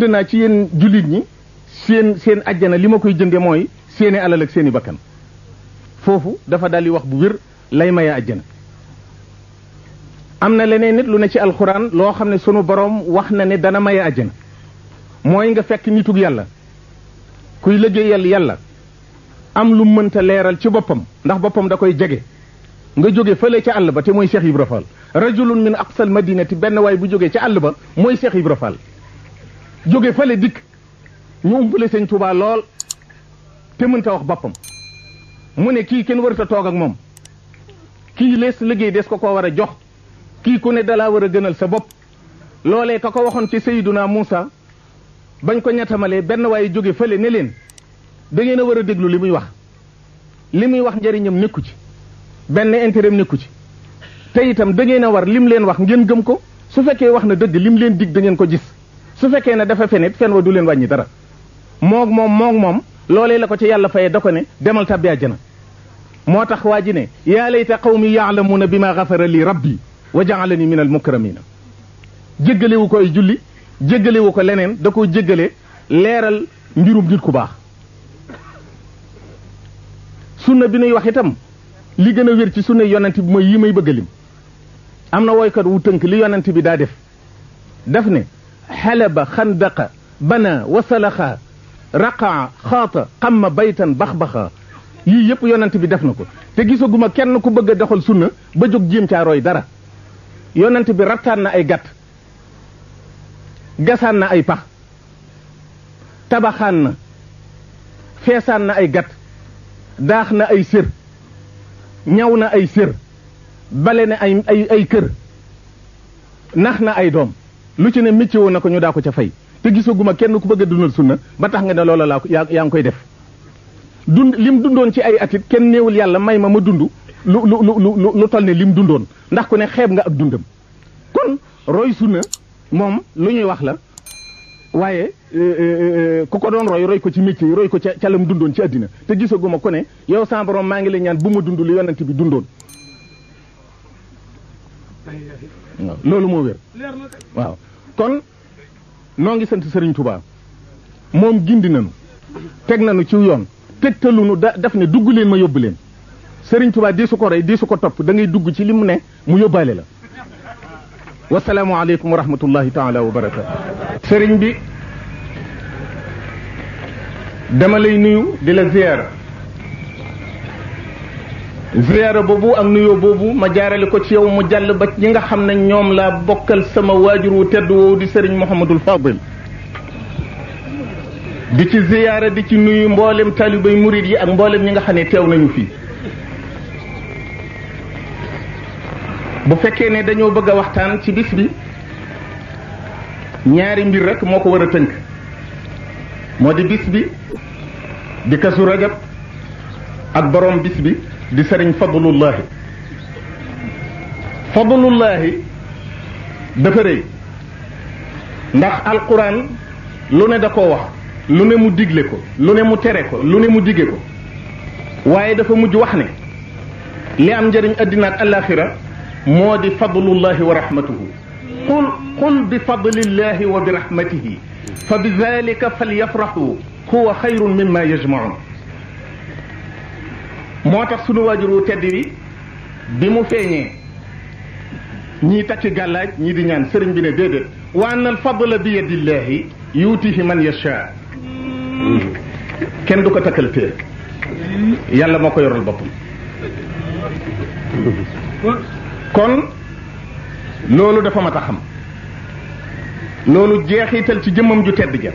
jënd naa ci yéen jullit ñi seen seen ajjana li ma koy jënde mooy seeni alal ak seeni bakkan foofu dafa dal di wax bu wér lay maye ajjana am na leneen nit lu ne ci alxuraan loo xam ne sunu boroom wax na ne dana maya ajjana mooy nga fekk nitug yàlla kuy liggéeyal yàlla am lu mënta leeral ci boppam ndax boppam da koy jege nga jóge fële ca àll ba te mooy Cheikh Ibra Fall rajulun min aqsal madinati benn waay bu jógee ca àll ba mooy seex Ibra Fall jóge fale dikk ñu umpale sëñ Touba lool te mënta wax boppam mu ne kii kenn warut a toog ak moom kii lees liggéey des ko koo war a jox kii ku ne dalaa war a gënal sa bopp loolee ka ko waxoon ci Seyduna Muusa bañ ko ñettamalee benn waaye jóge fële ne leen da war a déglu li muy wax li muy wax njëriñam nekku ci benn intérêt nekku ci te itam da ngeen a war lim leen wax ngeen gëm ko su fekkee wax na dëgg li mu leen dig da ngeen ko gis su fekkee ne dafa fenit fen wa du leen wàññi dara moog moom moog moom loolee la ko ci yàlla fayee da ko ne demal tàbbi na moo tax waa ji ne yaa layta qawmi yaalamuuna bi ma xafara li rabbi wa jaalani min al mukramina jéggalewu ko ay julli jéggalewu ko leneen da koo jéggale leeral mbirum nit ku baax sunna bi nuy wax itam li gën a wér ci sunna yonent bi mooy yi may bëggalim am na woykat wu tënk li yonent bi daa def daf ne xalaba xandaqa bana wasalaxa raqaa xaata xamma baytan baxbaxa yii yëpp yonent bi def na ko te gisaguma kenn ku bëgg a doxal sunna ba jóg jéem caa roy dara yonent bi rattaan na ay gat gasaan na ay pax tabaxaan na feesaan na ay gat daax na ay sér ñaw na ay sér bale na ay kër nax na ay doom lu ci ne métier woon na ko ñu daa ko ca fay te gisaguma kenn ku bëgg a dundal sunna ba tax nga ne loola laa yaa yaa ngi koy def dund lim dundoon ci ay atit kenn néewul yàlla may ma ma dund lu lu lu toll ne lim dundoon ndax ku ne xeeb nga ak dundam kon roy sunna moom lu ñuy wax la waaye euh, euh, euh, ku ko doon roy roy ko ci métier yi roy ko ca ca lam dundoon ci àddina te gisaguma ku ne yow sa maa ngi la ñaan bu ma dund lu yonent bi dundoon loolu moo wér waaw kon noo ngi sant sëriñ tubaa moom gindi nanu teg nanu ci yoon tegtalu nu da daf ne dugg leen ma yóbbu leen sëriñ tubaa di su ko rey di su ko topp da ngay dugg ci li mu ne mu yóbbaale la wasalaamualeykum wa rahmatullahi taala wa barakaatu Serigne bi dama lay nuyu di la ziyaara ziyaara boobu ak nuyoo boobu ma jaarale ko ci yow mu jàll ba ñi nga xam ne ñoom laa bokkal sama waajur wu tedd woowu di sëriñ Mouhamadul Fadil di ci ziyaara di ci nuyu mboolem taalibay murid yi ak mboolem ñi nga xam ne teew nañu fii bu fekkee ne dañoo bëgg a waxtaan ci bis bi ñaari mbir rek moo ko war a tënk moo di bis bi di kasu rajab ak borom bis bi di serigne fadlullah fadlullah dafa rëy ndax alquran lu ne dako wax lu ne mu digle ko lu ne mu tere ko lu ne mu digge ko waye dafa muj wax ne li am jeriñ addina ak alaxira moo di wa rahmatuhu qul qul bi fadlillahi wa bi rahmatihi fa bi dalika falyafraxu huwa xayrun mimma yajmaun moo tax sunu waajur wu tedd bi bi mu feeñee ñii takki gàllaaj ñii di ñaan sëriñ bi ne déedéet wa anna alfadla bi yadillahi yuutihi man yasha kenn du ko takkal téer yàlla moo ko yoral boppam kon loolu dafa mat a xam loolu jeexital ci jëmmam ju tedd ja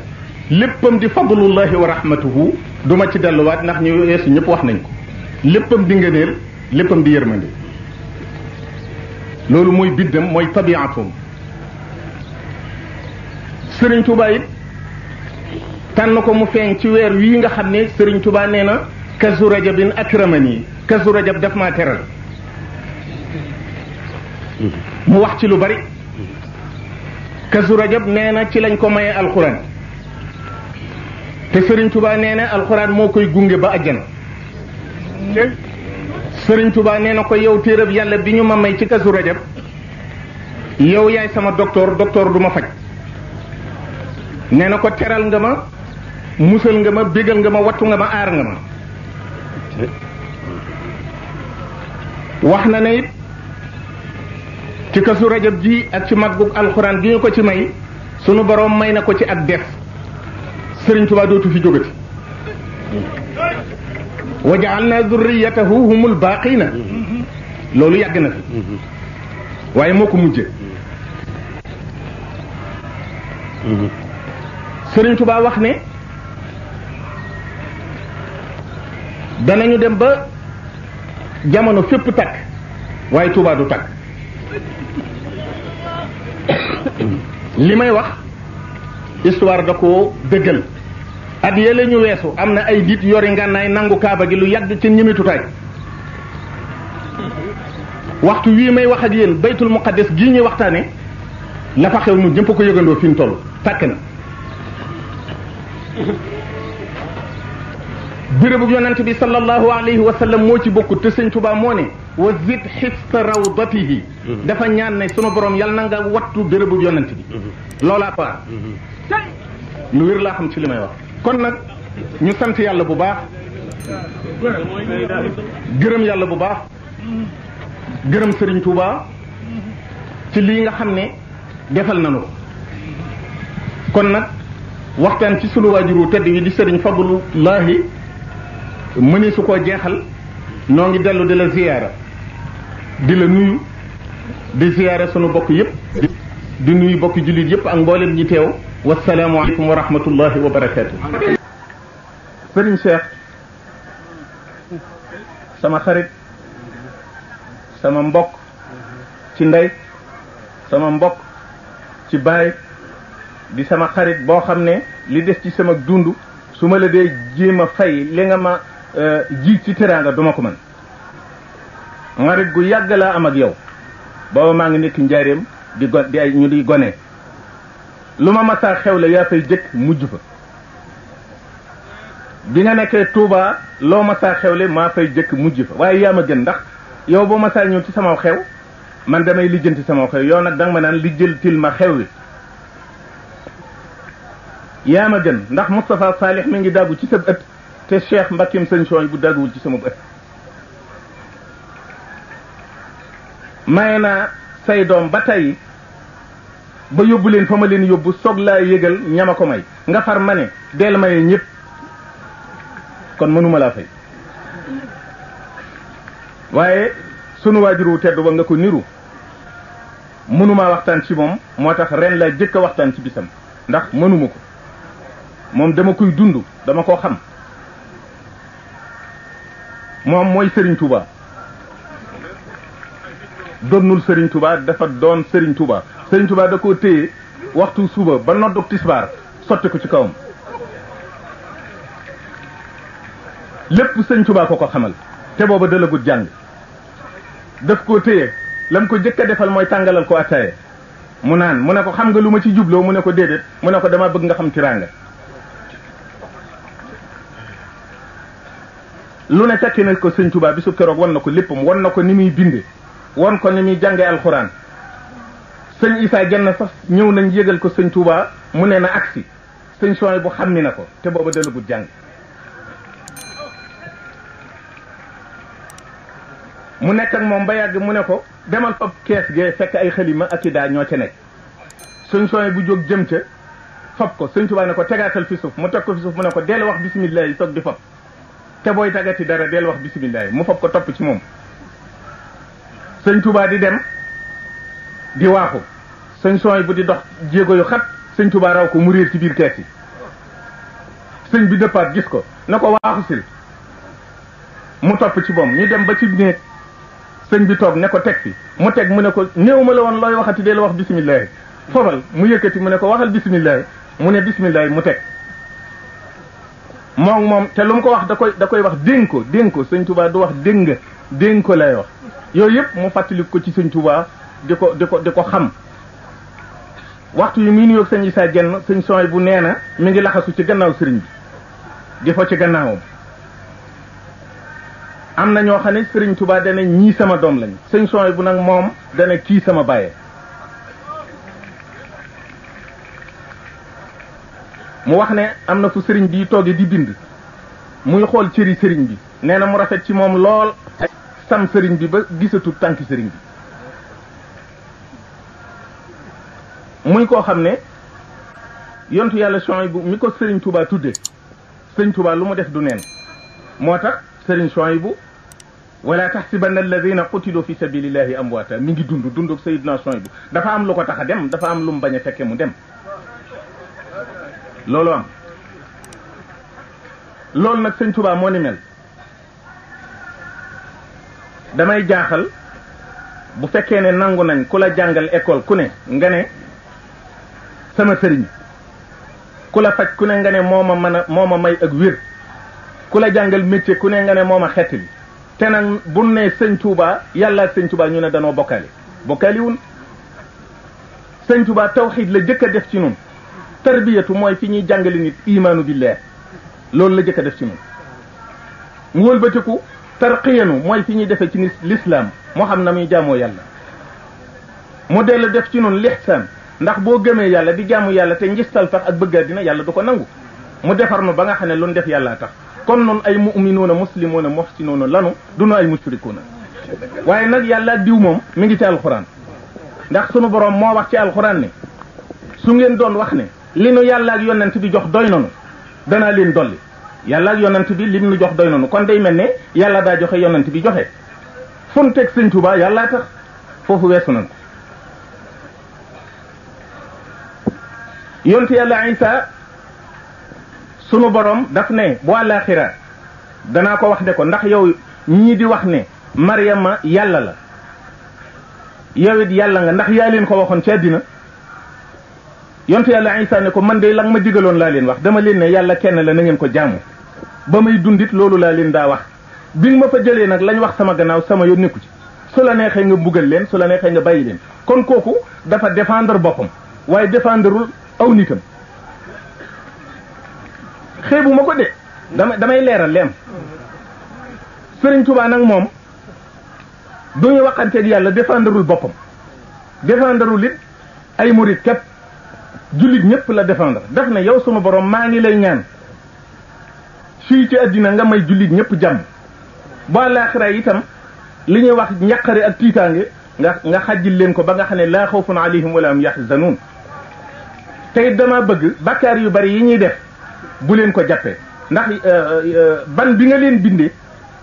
léppam di fadlullahi wa rahmatuhu duma ci delluwaat ndax ñu yeesu ñëpp wax nañ ko léppam di ngëneel léppam di yërmande loolu mooy biddam mooy tabiatum sëriñ Tuubaa it tànn ko mu feeñ ci weer wii nga xam ni sëriñ Tuubaa nee na kazu rajabin akramani kazu rajab daf maa teral mu wax ci lu bari kazu rajab nee na ci lañ ko mayee alxuraan te sëriñ Tuubaa nee na alxuraan moo koy gunge ba àjjana sëriñ tubaa nee na ko yow téerab yàlla bi ñu ma may ci kasu rajab yow yaay sama docteur docteur du ma faj nee na ko teral nga ma musal nga ma bégal nga ma wattu nga ma aar nga ma wax na ne it ci kasu rajab ji ak ci màggug alxuraan gi ñu ko ci may sunu boroom may na ko ci ak def sëriñ Tuubaa dootu fi jógati wa jaalna zurriyatahu humul baaqina loolu yàgg na fi waaye moo ko mujjee Sëriñ Tuubaa wax ne danañu dem ba jamono fépp takk waaye Tuubaa du takk li may wax histoire da ko dëggal at yële ñu weesu am na ay dit yori ngànnaay nangu kaaba gi lu yàgg ci ñimitutaay waxtu wii may wax ak yéen baytul muqaddas gii ñuy waxtaane la fa xew ñun ñëpp ko yëgandoo fi mu toll tàkk na bérébu yonent bi sallallahu alayhi wa sallam moo ci bokkut te sëñ Tuba moo ne wa zid xifta rawdatihi dafa ñaan ne sunu borom yal na nga wattu bérébu yonent bi mm-hmm. loolaa pa mm-hmm. lu wér laa xam ci li may wax kon nag ñu sant yàlla bu baax gërëm yàlla bu baax gërëm sëriñ Touba ci lii nga xam ne defal nañu ko kon nag waxtaan ci sunu waajuru tedd yi di sëriñ Fadlullahi mëni su koo jeexal noo ngi dellu di la ziyaara di la nuyu di ziyaara sunu bokk yëpp di nuyu bokki jullit yëpp ak mboolem ñi teew wasalaamualeykum wa rahmatullahi wa barakaatu. Serigne Cheikh sama xarit sama mbokk ci ndey sama mbokk ci baay di sama xarit boo xam ne li des ci sama dund su ma la dee jéem a fay li nga ma euh, ji ci teraanga duma ko mën xarit gu yàgg laa am ak yow booba maa ngi nekk njaareem di gon di ay ñu di gone lu ma masaa xewle yaa fay jëkk mujj fa bi nga nekkee Touba loo masaa xewle maa fay jëkk mujj fa waaye yaa ma gën ndax yow boo masaa ñëw ci sama xew man damay lijjanti sama xew yow nag danga ma naan lijjantil ma xew wi yaa ma gën ndax Moustapha Salih mi ngi dàggu ci sa ëtt te Cheikh Mbakim sëñ sooñ bu dagguwul ci sama ëtt maye naa say doom ba tey ba yóbbu leen fa ma leen yóbbu soog laa yëgal ñama ko may nga far ma ne deel ma ne ñëpp kon mënuma laa fay waaye sunu waajur wu tedd ba nga ko niru mënumaa waxtaan ci moom moo tax ren laa jëkk a waxtaan ci bisam ndax mënuma ko moom dama koy dund dama koo xam moom mooy Serigne Touba donnul Serigne Touba dafa doon sëriñ Touba sëñ tubaa da koo téye waxtu suuba ba nodduk tisbaar sotti ko ci kawam lépp sëñ tubaa ko ko xamal te booba dalagut jàng daf koo téye lam ko jëkk defal mooy tàngalal ko attaaye mu naan mu ne ko xam nga lu ma ci jubloo mu ne ko déedéet mu ne ko dama bëgg nga xam tiraanga lu ne tekki na ko sëñ Tuubaa bi su keroog wan na ko léppam wan na ko ni muy binde wan ko ni muy jànge alxuraan sëñ Issa Dienne sax ñëw nañ yëgal ko sëñ Touba mu ne na agsi sëñ Soy bu xam ni na ko te booba dellugul jàng mu nekk moom ba yàgg mu ne ko demal fab kees gee fekk ay xalima ak i daa ñoo ca nekk sëñ Soy bu jóg jëm ca fab ko sëñ Touba ne ko tegaatal fi suuf mu teg ko fi suuf mu ne ko deel wax bisimilah yi soog di fab te booy tagati dara del wax bisimilah mu fab ko topp ci moom sëñ Touba di dem di waaxu sëñ sooy bu di dox jéego yu xat sëñ Tuubaa raw ko mu réer ci biir kees yi sëñ bi dëppaat gis ko na ko waaxu mu topp ci moom ñu dem ba ci néeg sëñ bi toog ne ko teg fi mu teg mu ne ko néew ma la woon looy waxati dee la wax bisimilah fobal mu yëkkati mu ne ko waxal bisimilah mu ne bisimilah mu teg moom moom te lu mu ko wax da koy da koy wax dénk ko dénk ko sëñ tubaa du wax dégg nga dénk ko lay wax yooyu yëpp mu fàttali ko ci sëñ Tuubaa di ko di ko ko xam waxtu yi muy nuyoog sëñ Issa Dieng sëñ sooy bu nee na mu ngi laxasu ci gannaaw sëriñ bi di fa ci gannaawam am na ñoo xam ne sëriñ Touba dana ñii sama doom lañ sëñ sooy bu nag moom dana kii sama bàyyee mu wax ne am na fu sëriñ bi toogee di bind muy xool cëri sëriñ bi nee na mu rafet ci moom lool sam sëriñ bi ba gisatu tànki sëriñ bi muy koo xam ne yontu yàlla Suwaybu mi ko Serigne Touba tudde sëñ Touba lu mu def du neen moo tax sëriñ bu Serigne Suwaybu wala taxsibanna alladina qutilu fi am amwaata mi ngi dund dund Seydina Suwaybu dafa am lu ko tax a dem dafa am lu mu bañ a fekke mu dem loolu am loolu nag Serigne Touba moo ni mel damay jaaxal bu fekkee ne nangu nañ ku la jàngal école ku ne nga ne sama sëriñ ku la faj ku ne nga ne moo ma mën a moo ma may ak wér ku la jàngal métier ku ne nga ne moo ma xetti bi te nag bu ne sëñ tuubaa yàlla sëñ Touba ñu ne danoo bokkaale bokkaaliwun sëñ Touba tawxiid la jëkk a def ci nun tarbiyatu mooy fi ñuy jàngale nit imaanu billaah loolu la jëkk a def ci nun mu wëlbatiku tarqiyanu mooy fi ñuy defee ci ni lislaam moo xam na muy jaamoo yàlla mu dellu def ci noonu lixsaan ndax boo gëmee yàlla di jàmm yàlla te njistal tax ak bëgg dina yàlla du ko nangu mu defar nu ba nga xam ne lu nu def yàllaa tax kon noonu ay muminuuna muslimuuna muhsinuuna lanu du nu ay mushrikuuna waaye nag yàlla diw moom mi ngi ci alxuraan ndax sunu borom moo wax ci alxuraan ne su ngeen doon wax ne li nu yàlla ak yonent bi jox doy nanu danaa leen dolli yàlla ak yonent bi lim nu jox doy noonu kon day mel ne yàlla daa joxe yonent bi joxe fun teg sëñ Tuubaa yàllaa tax foofu weesu nañ ko yontu yàlla Isa sunu boroom daf ne bu àllaaxira danaa ko wax ne ko ndax yow ñii di wax ne Maryama yàlla la yow it yàlla nga ndax yaa leen ko waxoon ci àddina yontu yàlla Isa ne ko man de la ma digaloon laa leen wax dama leen ne yàlla kenn la na ngeen ko jaamu ba may dundit loolu laa leen daa wax bi ma fa jëlee nag lañ wax sama ganaaw sama yoon ci su la neexee nga mbugal leen su la neexee nga bàyyi leen kon kooku dafa défendre boppam aw nitam xeebu ma ko de dama damay leeral leem Sëriñ Tuubaa nag moom du ñu waxanteeg yàlla défendrul boppam défendrul it ay murit képp jullit ñëpp la défendre def na yow suma borom maa ngi lay ñaan fii ci àddina nga may jullit ñëpp jàmm boo laaxira itam li ñuy wax njaqare ak tiitaange nga nga xajjil leen ko ba nga xam ne laa xawfun alayhim wala hum yaxzanuun tey dama bëgg bakkaar yu bari yi ñuy def bu leen ko jàppee ndax ban bi nga leen bindee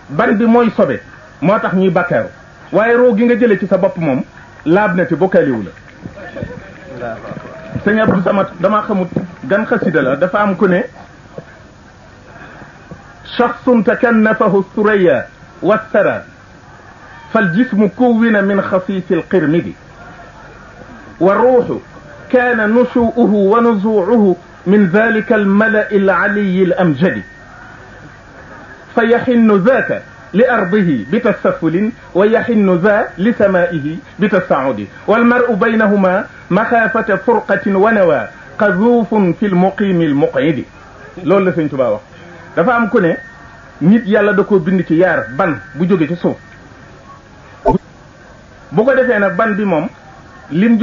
ban bi mooy sobe moo tax ñuy bakkaaru waaye roo gi nga jëlee ci sa bopp moom laab na ci bokkaaliwu la sëñ Abdou Samad dama xamut gan xasida la dafa am ku ne shakhsun takannafahu suraya wassara fal jismu kuwina min xasiisi alqirmidi wa ruuxu كان نشوؤه ونزوعه من ذلك الملأ العلي الأمجد فيحن ذاك لأرضه بتسفل ويحن ذا لسمائه بتسعد والمرء بينهما مخافة فرقة ونوى قذوف في المقيم المقعد loolu سين تبا Tuubaa wax dafa am ku ne nit yàlla da koo bind ci yaar ban bu jóge ci suuf bu ko defee nag ban bi moom lim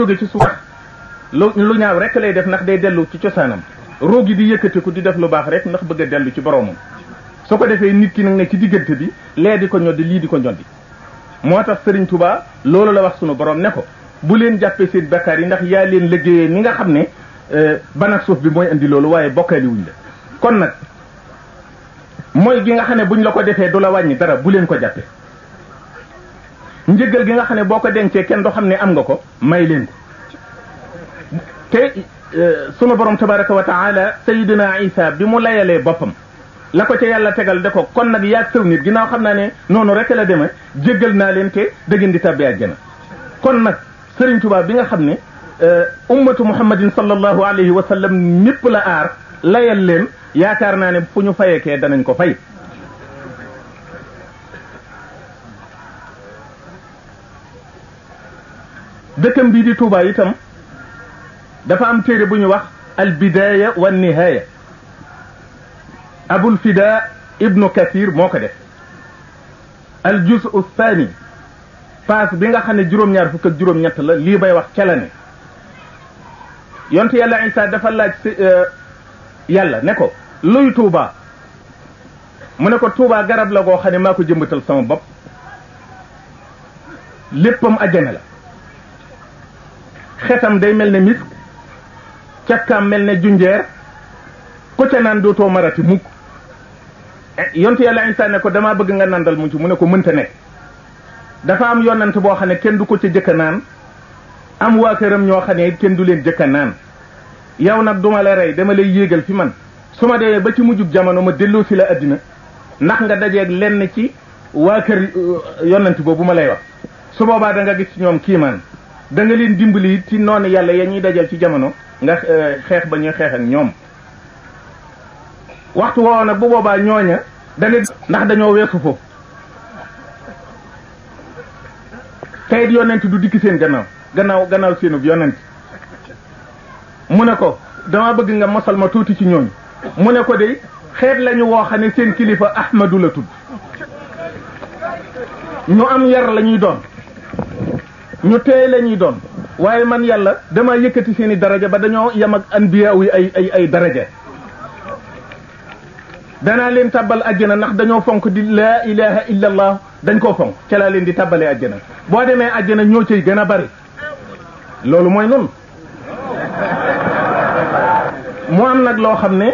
lu lu ñaaw rek lay def ndax day dellu ci cosaanam roo gi di yëkkatiku di def lu baax rek ndax bëgg a dellu ci boroomam su ko defee nit ki nag ne ci diggante bi lee di ko ñoddi lii di ko ñoddi moo tax Sëriñ Tuubaa loolu la wax sunu borom ne ko bu leen jàppee seen bakkaar yi ndax yaa leen liggéeyee ni nga xam ne euh, ban ak suuf bi mooy indi loolu waaye bokkaali wuñ la kon nag mooy gi nga xam ne buñ la ko defee du la wàññi dara bu leen ko jàppee njëgal gi nga xam ne boo ko dencee kenn du xam ne am nga ko may leen ko te e, sunu borom tabaraka wa taala sayidina isa bi mu layalee boppam la ko ca yàlla tegal de ko kon nag yaag sëw nit ginnaaw xam naa ne noonu rek la demee jéggal naa leen te dëggin di tàbbi àjjana kon nag Sëriñ Tuubaa bi nga xam ne e, ummatu muhammadin sallallahu alayhi wa sallam ñëpp la aar layal leen yaakaar naa ne fu ñu fayekee danañ ko fay dëkkam bii di Tuubaa itam dafa am téré bu ñu wax al bidaya wa nihaya abul fida ibn kathir moko def al juzu thani fas bi nga xamné juróom-ñaar fukk ak juróom-ñett la li bay wax kelane la yonte yàlla isa dafa laaj yàlla ne ko luy tuba mu ne ko garab la go xamné mako jëmbatal sama bop léppam aljana la xetam day melni misk càkkaam mel ne junjeer ko ca naan dootoo marati mukk eh, yont yàlla insaan ne ko damaa bëgg nga nandal mu ci mu ne ko mënta nekk dafa am yonnant boo xam ne kenn du ko ca jëkka naan am waa këram ñoo xam kenn du leen jëkka naan yow nag duma la rey dama lay yéegal fi man su ma demee ba ci mujjub jamono ma delloo si la addina ndax nga dajeeg lenn ci waa kër uh, yonnant boobu ma lay wax su boobaa da nga gis ci ñoom kiimaan da nga leen dimbali ci noonu yàlla ya ñuy dajal ci jamono nga euh, xeex ba ñuy xeex ñoom waxtu woowu nag bu boobaa ñooña da leen ndax dañoo weesu foofu tayit yonent du dikki seen gannaaw gannaaw gannaaw seenub yonent mu ne ko dama bëgg nga mosal ma tuuti ci ñooñ mu ne ko de xeet lañu woo xam ne seen kilifa Ahmadu la tudd ñu am yar la ñuy doon ñu teey la ñuy doon waaye man yàlla damaa yëkkati seeni daraja ba dañoo yem ak anbiya yi ay ay ay daraja danaa leen tàbbal àjjana ndax dañoo fonk di laa ilaha illa dañ koo fonk ca laa leen di tàbbalee àjjana boo demee àjjana ñoo cay gën a bari loolu mooy noonu mu am nag loo xam ne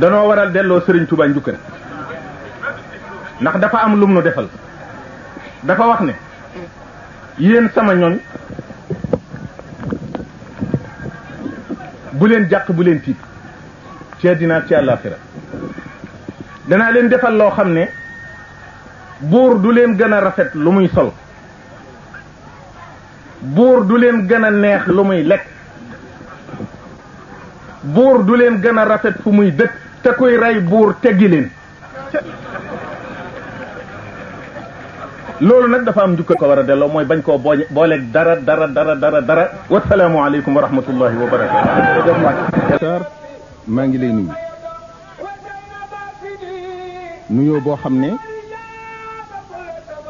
danoo waral delloo sëriñ Serigne Touba njukkal ndax dafa am lum nu defal dafa wax ne yéen sama ñoñ bu leen jàq bu leen tiit ci àddina ci àllaaxira danaa leen defal loo xam ne buur du leen gën a rafet lu muy sol buur du leen gën a neex lu muy lekk buur du leen gën a rafet fu muy dëkk te kuy rey buur teggi leen loolu nag dafa am njukka ko war a delloo mooy bañ koo booñe booleeg dara dara dara dara dara wasalaamualeykum wa rahmatullahi wa barakaatu maa ngi lay nuyu nuyoo boo xam ne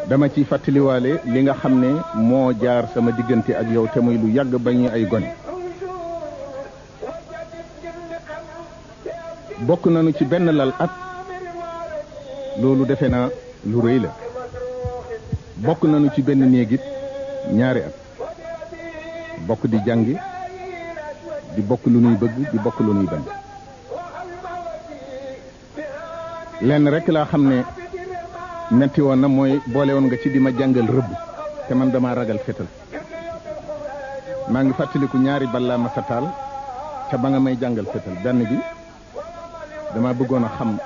dama ci fàttaliwaale li nga xam ne moo jaar sama diggante ak yow te muy lu yàgg ba ay gone bokk nañu ci benn lal at loolu defe naa lu rëy la bokk nañu ci benn néeg ñaari at bokk di jàngi di bokk lu nuy bëgg di bokk lu nuy bañ lenn rek laa xam ne metti woon na mooy boole woon nga ci bi ma jàngal rëbb te man damaa ragal fetal maa ngi fàttaliku ñaari ballaa ma sa taal te ba nga may jàngal fetal benn bi dama bëggoon a xam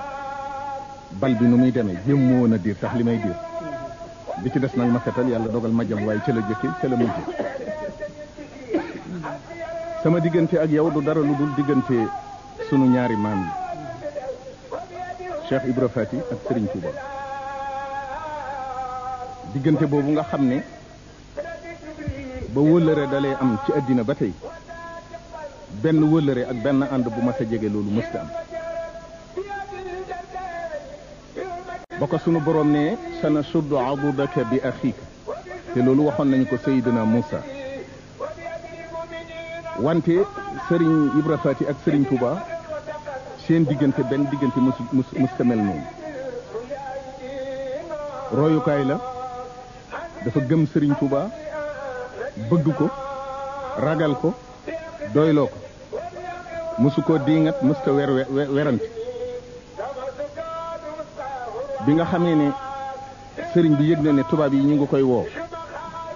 bal bi nu muy demee jéem moo woon a diir sax li may diir bi ci des nag ma yàlla dogal ma jëm waaye ca la jëkke ca la mujj sama diggante ak yow du dara lu dul diggante sunu ñaari maam yi Cheikh Ibra Fati ak Serigne Touba diggante boobu nga xam ni ba wëllëre dalee am ci àddina ba tey benn wëllëre ak benn ànd bu ma sa jege loolu mësta am ba ko sunu borom ne sana suddu adudaka bi akhika te loolu waxoon nañu ko sayidina Moussa wante sëriñ Ibra Fati ak sëriñ Touba seen diggante benn diggante mus mus musta mel noonu royukaay la dafa gëm sëriñ Touba bëgg ko ragal ko doyloo ko musu koo diingat musta wer werante bi nga xamee ne sëriñ bi yëg na ne tubaab yi ñu ngi koy woo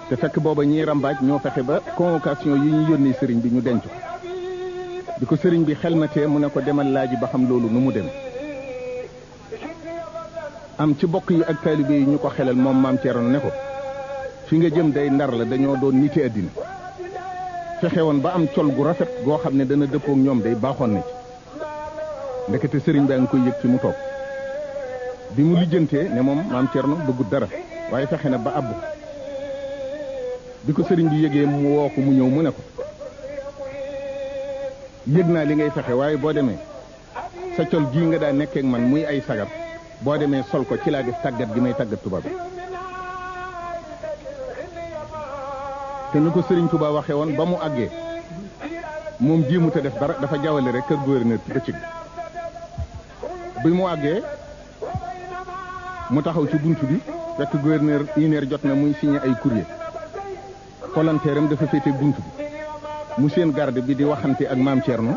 te fekk booba ñiy rambaaj ñoo fexe ba convocation yi ñu yónnee sëriñ bi ñu denc ko bi ko sëriñ bi xel na xelmatee mu ne ko demal laaj ba xam loolu nu mu dem am ci bokk yi ak taalibe yi ñu ko xelal moom maam Thierno ne ko fi nga jëm day ndar la dañoo doon niti àddina fexe woon ba am col gu rafet goo xam ne dana dëppook ñoom day baaxoon na ci ndekete sëriñ baa ngi koy yëg ci mu toog bi mu lijjantee ne moom maam na bëggut dara waaye fexe na ba àbb bi ko sëriñ bi yëgee mu woo ko mu ñëw mu ne ko yëg naa li ngay fexe waaye boo demee sa col gii nga daa nekkeek man muy ay sagar boo demee sol ko ci laa gis tàggat gi may tàggat tubaab te ni ko sëriñ Touba waxe woon ba mu àggee moom jéemu te def dara dafa jawale rek kër gouverneur ci bëccëg bi mu àggee mu taxaw ci bunt bi fekk gouverneur une jot na muy signé ay courrier volontaire am dafa féete bunt bi mu séen garde bi di waxante ak maam Thierno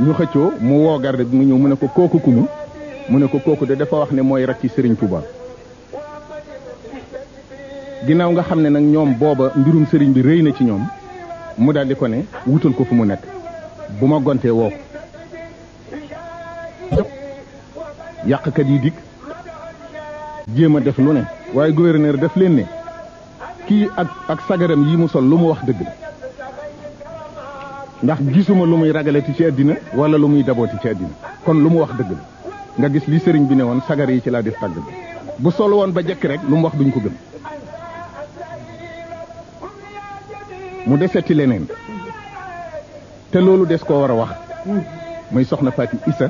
ñu xëccoo mu woo garde bi mu ñëw mu ne ko kooku kumu mu ne ko kooku de dafa wax ne mooy ci sëriñ Touba. ginnaaw nga xam ne nag ñoom booba mbirum sëriñ bi rëy na ci ñoom mu daldi ko ne wutal ko fu mu nekk bu ma gontee woo ko yàqkat yi dikk jéem a def lu ne waaye gouverneur def leen ne kii ak ak sagaram yi mu sol lu mu wax dëgg la ndax gisuma lu muy ragalati ci àddina wala lu muy dabooti ci àddina kon lu mu wax dëgg la nga gis li sëriñ bi ne woon sagar yi ci laa def tàgg bi bu sol woon ba jekk rek lu mu wax duñ ko gëm mu deseti leneen te loolu des koo war a wax muy soxna Fatou Issa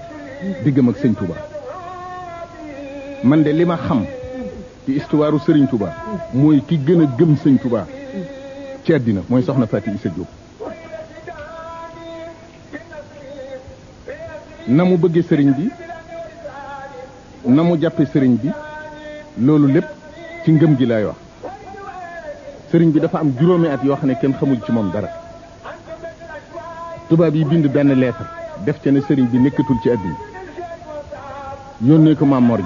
diggam ak sëñ Touba man de li ma xam ci histoire Serigne Touba mooy ki gën a gëm sëñ Touba ci àddina mooy soxna Fatou Issa Diop. na mu bëggee sëriñ bi na mu jàppe sëriñ bi loolu lépp ci ngëm gi lay wax sëriñ bi dafa am juróomi at yoo xam ne kenn xamul ci moom dara tubaab yi bind benn lettre def ca ne sëriñ bi nekkatul ci àddina yónnee ko Maam Mor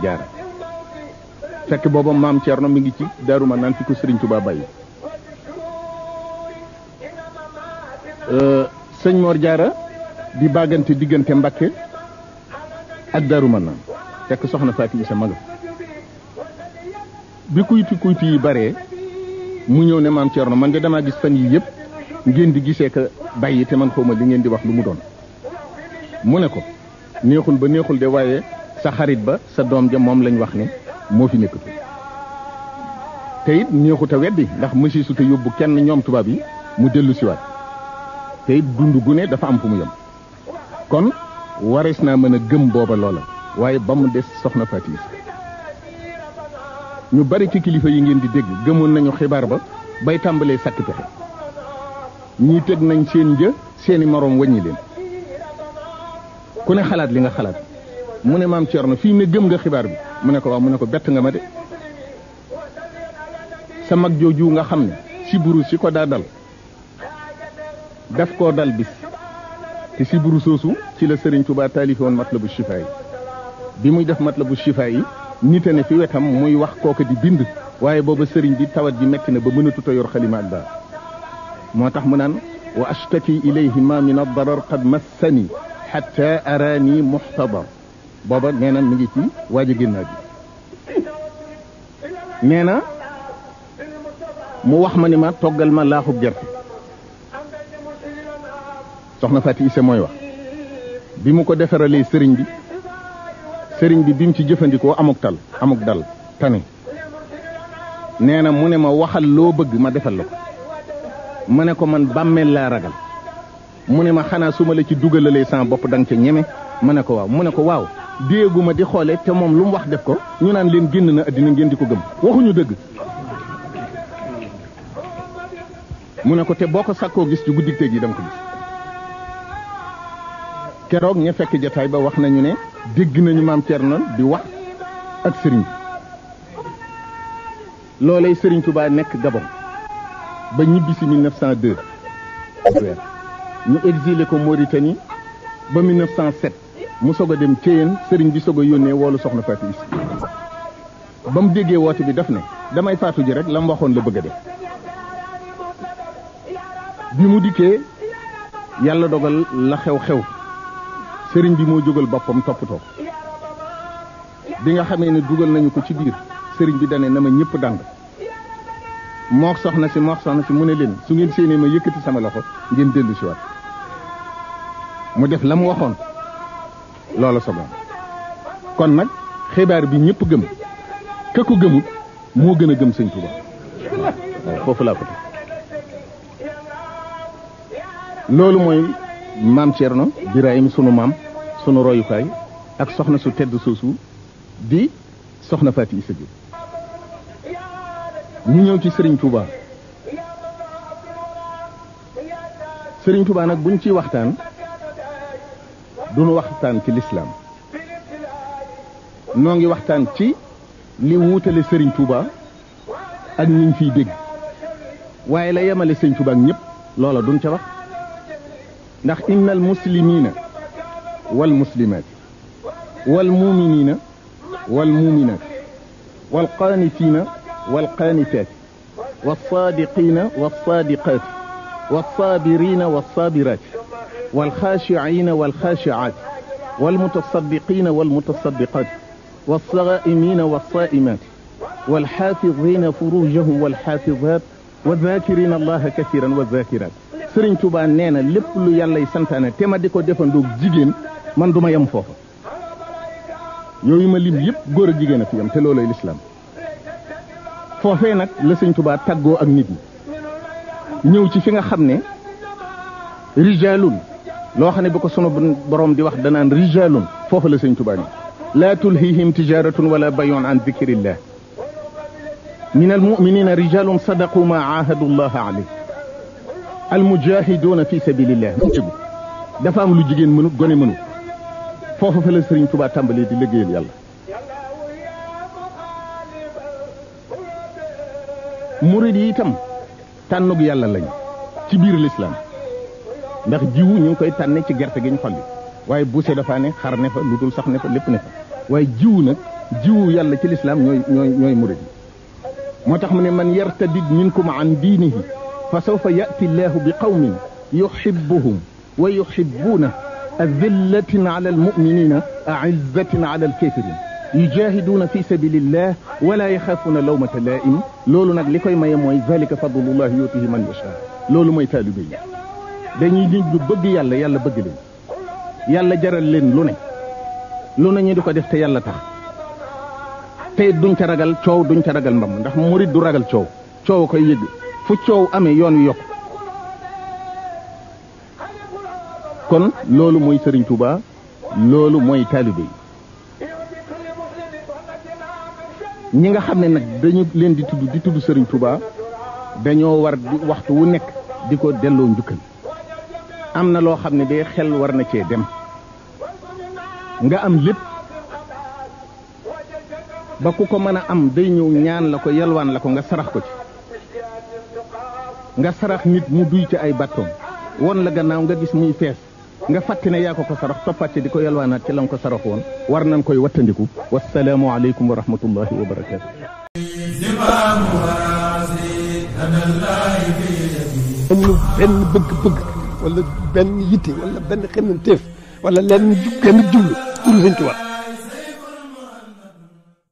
fekk booba maam Thierno mi ngi ci daruma nan fi ko Serigne Touba bay euh, serigne Mor di bàggante diggante Mbacke ak daruma nan fekk soxna Fatou isa maga bi kuyti kuyti yi bare mu ñew ne maam Thierno man de dama gis fan yi yeb ngeen di gisee ke bàyyi te man xawma li ngeen di wax lu mu doon mu ne ko neexul ba neexul de waye sa xarit ba sa doom ja moom lañ wax ne moo fi nekkatu te it néexut ndax monsieur yóbbu kenn ñoom tubaab yi mu dellu siwaat te it gune dafa am fu mu yem kon warees naa mën a gëm booba loola waaye ba mu des soxna Fatou ñu bari ci kilifa yi ngeen di dégg gëmoon nañu xibaar ba bay tàmbalee sàkk pexe ñii teg nañ seen jë seeni moroom waññi leen ku ne xalaat li nga xalaat mu ne maam Thierno fii ne gëm nga xibaar bi mu ne ko waaw mu ne ko bett nga ma de sa mag jooju nga xam ne si buru si ko daa dal daf koo dal bis te si buru soosu ci la Serigne Touba taalifi woon matlabu chifa yi bi muy def matlabu chifa yi nite ne fi wetam muy wax kooka di bind waaye booba sëriñ bi tawat bi metti na ba mënatuta yor xalima ak daal moo tax mu naan wa ashtaki ilayhi ma min addarar qad massani حتى أراني محتضر booba nee na mi ngi ci waa a génn bi nee na mu wax ma ni ma toggal ma laaxub gerte soxna Fatou Issa mooy wax bi mu ko defaralee sëriñ bi sëriñ bi bi mu ci jëfandikoo amuk tal amuk dal tane nee na mu ne ma waxal loo bëgg ma defal la ko mu ne ko man bàmmeel laa ragal mu ne ma xanaa su ma la ci dugalalee sama bopp danga ca ñeme mu ne ko waaw mu ne ko waaw déeguma di xoole te moom lu mu wax def ko ñu naan leen génn na àddina ngeen di ko gëm waxuñu dëgg mu ne ko te boo ko sàkkoo gis ci guddi tey gi danga ko keroog ña fekk jataay ba wax nañu ne dégg nañu maam Thierno di wax ak sëriñ bi loolee sëriñ Touba nekk Gabon ba ñibbi si 1902 ñu exilé ko Mauritanie ba 1907 mu soog a dem Thiéyène sëriñ bi soog a yónnee woolu soxna Fatou Issa ba mu déggee woote bi daf ne damay faatu ji rek la mu waxoon la bëgga a def bi mu dikkee yàlla dogal la xew-xew sëriñ bi moo jógal boppam toppatoo bi nga xamee ne dugal nañu ko ci biir sëriñ bi dane na ma ñëpp dàng moox soxna si moox soxna si mu ne leen su ngeen séenee ma yëkkati sama loxo ngeen dellu si waat mu def la mu waxoon loola soboon kon nag xibaar bi ñëpp gëm ka ko gëmut moo gën a gëm sëñ Tuuba waaw foofu laa ko loolu mooy maam Thierno Birahim sunu maam sunu royukaay ak soxna su tedd soosu di soxna Faati Isa Jóob ñu ñëw ci Serigne Touba Serigne Touba nag buñ ci waxtaan دون وقتان في الإسلام نوعي وقتان تي لموت سرين توبا أنين في دق وإلا يما سرين توبا نيب لولا دون تبا نخ إن المسلمين والمسلمات والمؤمنين والمؤمنات والقانتين والقانتات والصادقين والصادقات والصابرين والصابرات والخاشعين والخاشعات والمتصدقين والمتصدقات والصائمين والصائمات والحافظين فروجه والحافظات والذاكرين الله كثيرا والذاكرات سرين توبا نينا لب لو يالا سانتانا تيما ديكو ديفان دو جيجين مان دوما يام فوفا يوي ما ليب غور جيجين فيام يام تي الاسلام فوفي نك لا سرين توبا تاغو اك نيت ني نيو سي فيغا رجالون lo xamne ne ko sunu borom di wax danaan rijalun fofu la seigne touba ni la tulhihim tijaratun wala bayun an dhikrillah dicrillah من المؤمنين رجال صدقوا ما عاهدوا الله عليه المجاهدون في سبيل الله dafa am lu jigen munu gone munu fofu fa la seigne touba tambali di liggéeyal yàlla murid yi itam tanug yàlla lañ ci bir l'islam ndax jiw ñu koy tànne ci gerte gi ñu xolli waaye buuse dafa ne xar ne fa lu dul sax ne fa lépp ne fa waaye jiw nag jiw yàlla ci lislaam ñooy ñooy ñooy murid yi moo tax mu ne man yartadid minkum an diinihi fa sawfa yati llahu bi qawmin yuxibuhum wa yuxibuuna أذلة ala almuminina أعزة ala alkafirin يجاهدون في سبيل الله ولا يخافون لومة لائم لولو نك ليكوي ماي موي ذلك فضل الله يؤتيه من يشاء لولو موي طالبي dañuy nit ñu bëgg yàlla yàlla bëgg leen yàlla jaral leen lu ne lu ne ñu di ko def te yàlla tax te duñ ca ragal coow duñ ca ragal mbam ndax murit du ragal coow coow koy yëgg fu coow amee yoon wi yokk kon loolu mooy Sëriñ Tuuba loolu mooy taalibe yi ñi nga xam ne nag dañu leen di tudd di tudd Sëriñ Tuuba dañoo war waxtu wu nekk di ko delloo njukkal amna lo xamne day xel war na ci dem nga am lépp ba ku ko mën am day ñëw ñaan la ko yalwaan la ko nga sarax ko ci nga sarax nit mu duy ci ay batom won la gannaaw nga gis muy fess nga fàtte ne yaa ko ko sarax toppaat di ko yalwaanaat ci la ko sarax won war nañ koy wattandiku wasalaamu alaykum wa rahmatullahi wa barakatu amul benn bëgg-bëgg ولا بن يتي ولا بن خنم تيف ولا لن جن جل كل انت